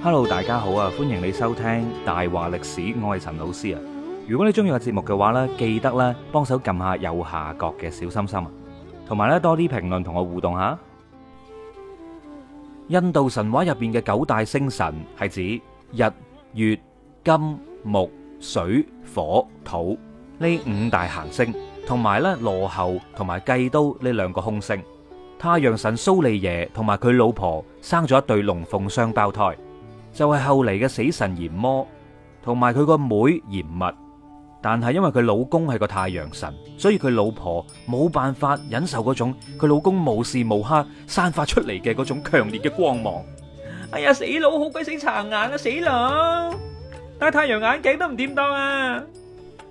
hello，大家好啊！歡迎你收聽大話歷史，我係陳老師啊。如果你中意個節目嘅話咧，記得咧幫手撳下右下角嘅小心心，同埋咧多啲評論同我互動下。印度神話入邊嘅九大星神係指日、月、金、木、水、火、土呢五大行星，同埋咧羅睺同埋計都呢兩個空星。太陽神蘇利耶同埋佢老婆生咗一對龍鳳雙胞胎。就係後嚟嘅死神閻魔同埋佢個妹閻蜜，但係因為佢老公係個太陽神，所以佢老婆冇辦法忍受嗰種佢老公無時無刻散發出嚟嘅嗰種強烈嘅光芒。哎呀，死佬好鬼死殘眼啊！死佬戴太陽眼鏡都唔掂檔啊！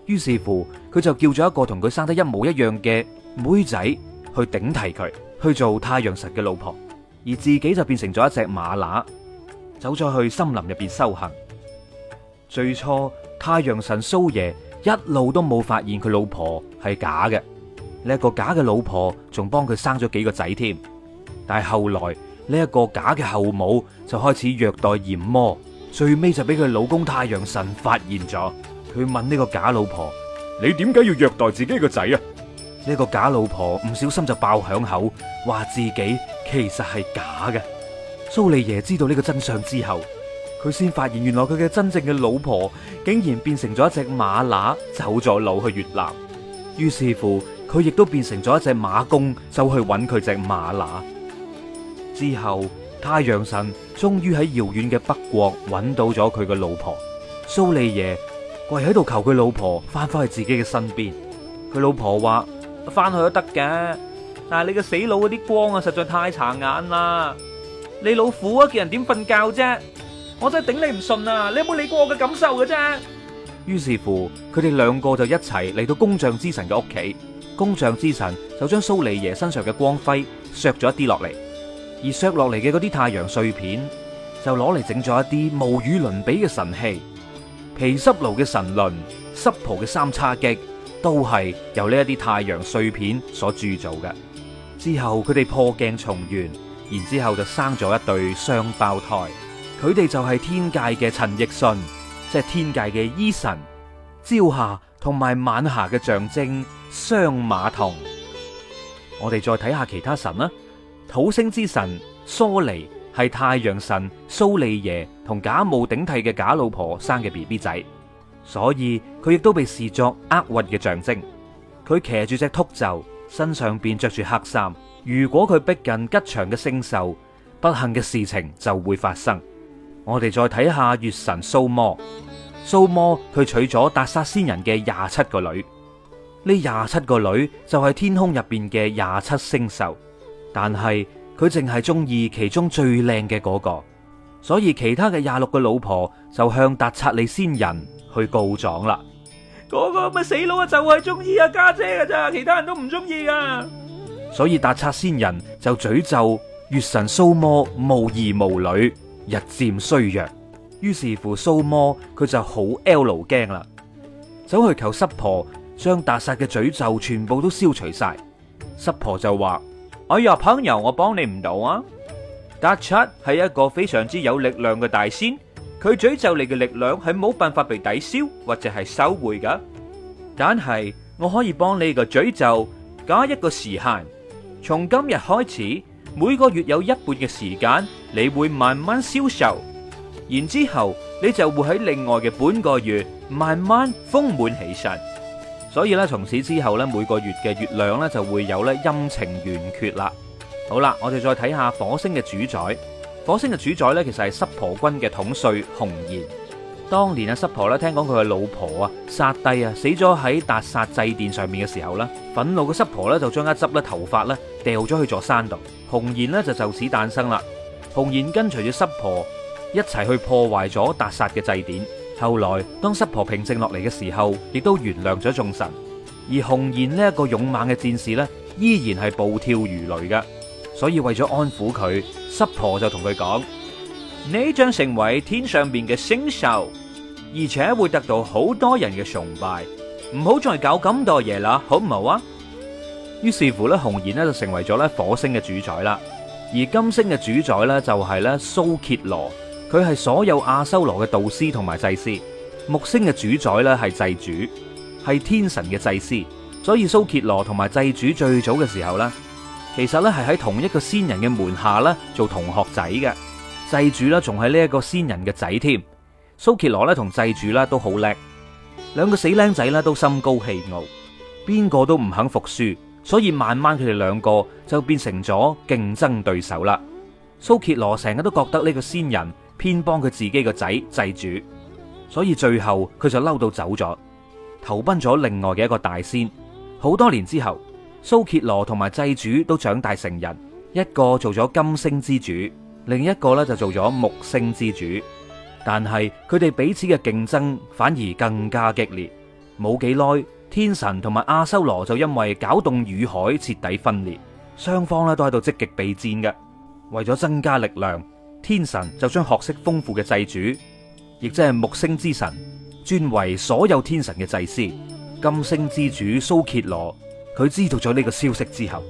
於是乎，佢就叫咗一個同佢生得一模一樣嘅妹仔去頂替佢去做太陽神嘅老婆，而自己就變成咗一隻馬乸。走咗去森林入邊修行。最初太陽神蘇耶一路都冇發現佢老婆係假嘅，呢一個假嘅老婆仲幫佢生咗幾個仔添。但係後來呢一個假嘅後母就開始虐待閻魔，最尾就俾佢老公太陽神發現咗。佢問呢個假老婆：你點解要虐待自己個仔啊？呢個假老婆唔小心就爆響口，話自己其實係假嘅。蘇利爺知道呢個真相之後，佢先發現原來佢嘅真正嘅老婆竟然變成咗一隻馬乸，走咗路去越南。於是乎，佢亦都變成咗一隻馬公，走去揾佢隻馬乸。之後，太陽神終於喺遙遠嘅北國揾到咗佢嘅老婆。蘇利爺跪喺度求佢老婆翻返去自己嘅身邊。佢老婆話：翻去都得嘅，但係你個死佬嗰啲光啊，實在太殘眼啦！你老虎啊！叫人點瞓覺啫？我真係頂你唔順啊！你有冇理過我嘅感受嘅、啊、啫？於是乎，佢哋兩個就一齊嚟到工匠之神嘅屋企。工匠之神就將蘇利耶身上嘅光輝削咗一啲落嚟，而削落嚟嘅嗰啲太陽碎片，就攞嚟整咗一啲無與倫比嘅神器。皮濕爐嘅神輪、濕婆嘅三叉戟，都係由呢一啲太陽碎片所鑄造嘅。之後佢哋破鏡重圓。然之後就生咗一對雙胞胎，佢哋就係天界嘅陳奕迅，即係天界嘅醫神，朝霞同埋晚霞嘅象徵雙馬童。我哋再睇下其他神啦，土星之神蘇黎係太陽神蘇利耶同假冒頂替嘅假老婆生嘅 B B 仔，所以佢亦都被視作厄運嘅象徵。佢騎住隻禿鷲，身上便着住黑衫。如果佢逼近吉祥嘅星宿，不幸嘅事情就會發生。我哋再睇下月神蘇摩，蘇摩佢娶咗達薩仙人嘅廿七個女，呢廿七個女就係天空入邊嘅廿七星宿，但係佢淨係中意其中最靚嘅嗰個，所以其他嘅廿六個老婆就向達察利仙人去告狀啦。嗰個咪死佬啊，就係中意阿家姐噶咋，其他人都唔中意噶。所以達剎仙人就詛咒月神蘇摩無兒無女，日漸衰弱。於是乎蘇摩佢就好 l 勞驚啦，走去求濕婆將達剎嘅詛咒全部都消除晒。濕婆就話：我若、哎、朋友，我幫你唔到啊，達剎係一個非常之有力量嘅大仙，佢詛咒你嘅力量係冇辦法被抵消或者係收回嘅。但係我可以幫你個詛咒加一個時限。從今日開始，每個月有一半嘅時間你會慢慢消瘦，然之後你就會喺另外嘅半個月慢慢豐滿起身。所以咧，從此之後咧，每個月嘅月亮咧就會有咧陰晴圓缺啦。好啦，我哋再睇下火星嘅主宰，火星嘅主宰咧其實係濕婆君嘅統帥紅炎。當年阿濕婆咧，聽講佢嘅老婆啊，殺帝啊，死咗喺達剎祭殿上面嘅時候啦，憤怒嘅濕婆咧就將一執咧頭髮咧掉咗去座山度，紅顏呢就就此誕生啦。紅顏跟隨住濕婆一齊去破壞咗達剎嘅祭典。後來當濕婆平靜落嚟嘅時候，亦都原諒咗眾神。而紅顏呢一個勇猛嘅戰士呢，依然係暴跳如雷嘅。所以為咗安撫佢，濕婆就同佢講。你將成為天上邊嘅星宿，而且會得到好多人嘅崇拜。唔好再搞咁多嘢啦，好唔好啊？於是乎咧，紅賢咧就成為咗咧火星嘅主宰啦。而金星嘅主宰咧就係咧蘇傑羅，佢係所有阿修羅嘅導師同埋祭司。木星嘅主宰咧係祭主，係天神嘅祭司。所以蘇傑羅同埋祭主最早嘅時候咧，其實咧係喺同一個仙人嘅門下啦，做同學仔嘅。祭主啦，仲係呢一個仙人嘅仔添。蘇傑羅咧同祭主啦都好叻，兩個死僆仔啦都心高氣傲，邊個都唔肯服輸，所以慢慢佢哋兩個就變成咗競爭對手啦。蘇傑羅成日都覺得呢個先人偏幫佢自己個仔祭主，所以最後佢就嬲到走咗，投奔咗另外嘅一個大仙。好多年之後，蘇傑羅同埋祭主都長大成人，一個做咗金星之主。另一個咧就做咗木星之主，但係佢哋彼此嘅競爭反而更加激烈。冇幾耐，天神同埋阿修羅就因為攪動乳海徹底分裂，雙方呢都喺度積極備戰嘅。爲咗增加力量，天神就將學識豐富嘅祭主，亦即係木星之神，尊為所有天神嘅祭司。金星之主蘇傑羅，佢知道咗呢個消息之後，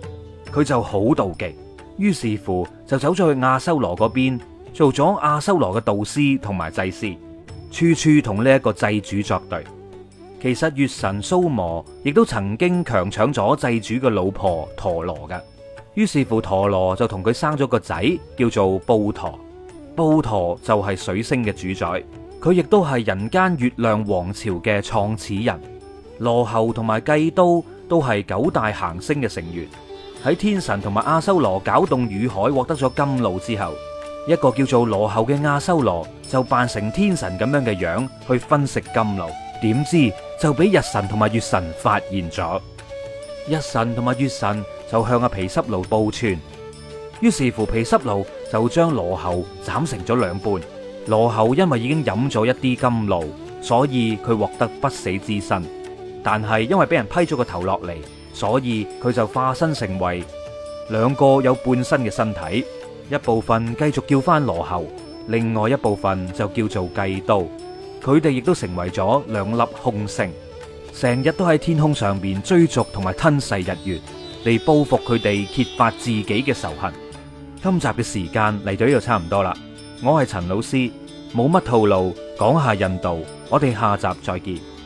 佢就好妒忌。於是乎，就走咗去阿修羅嗰邊，做咗阿修羅嘅導師同埋祭司，處處同呢一個祭主作對。其實月神蘇摩亦都曾經強搶咗祭主嘅老婆陀羅㗎。於是乎，陀羅就同佢生咗個仔，叫做布陀。布陀就係水星嘅主宰，佢亦都係人間月亮王朝嘅創始人。羅睺同埋計都都係九大行星嘅成員。喺天神同埋阿修羅攪動乳海，獲得咗甘露之後，一個叫做羅睺嘅阿修羅就扮成天神咁樣嘅樣去分食甘露，點知就俾日神同埋月神發現咗，日神同埋月神就向阿毗濕奴報串，於是乎毗濕奴就將羅睺斬成咗兩半。羅睺因為已經飲咗一啲甘露，所以佢獲得不死之身，但係因為俾人批咗個頭落嚟。所以佢就化身成為兩個有半身嘅身體，一部分繼續叫翻羅喉，另外一部分就叫做計都。佢哋亦都成為咗兩粒凶星，成日都喺天空上面追逐同埋吞噬日月，嚟報復佢哋揭發自己嘅仇恨。今集嘅時間嚟到呢度差唔多啦，我係陳老師，冇乜套路，講下印度，我哋下集再見。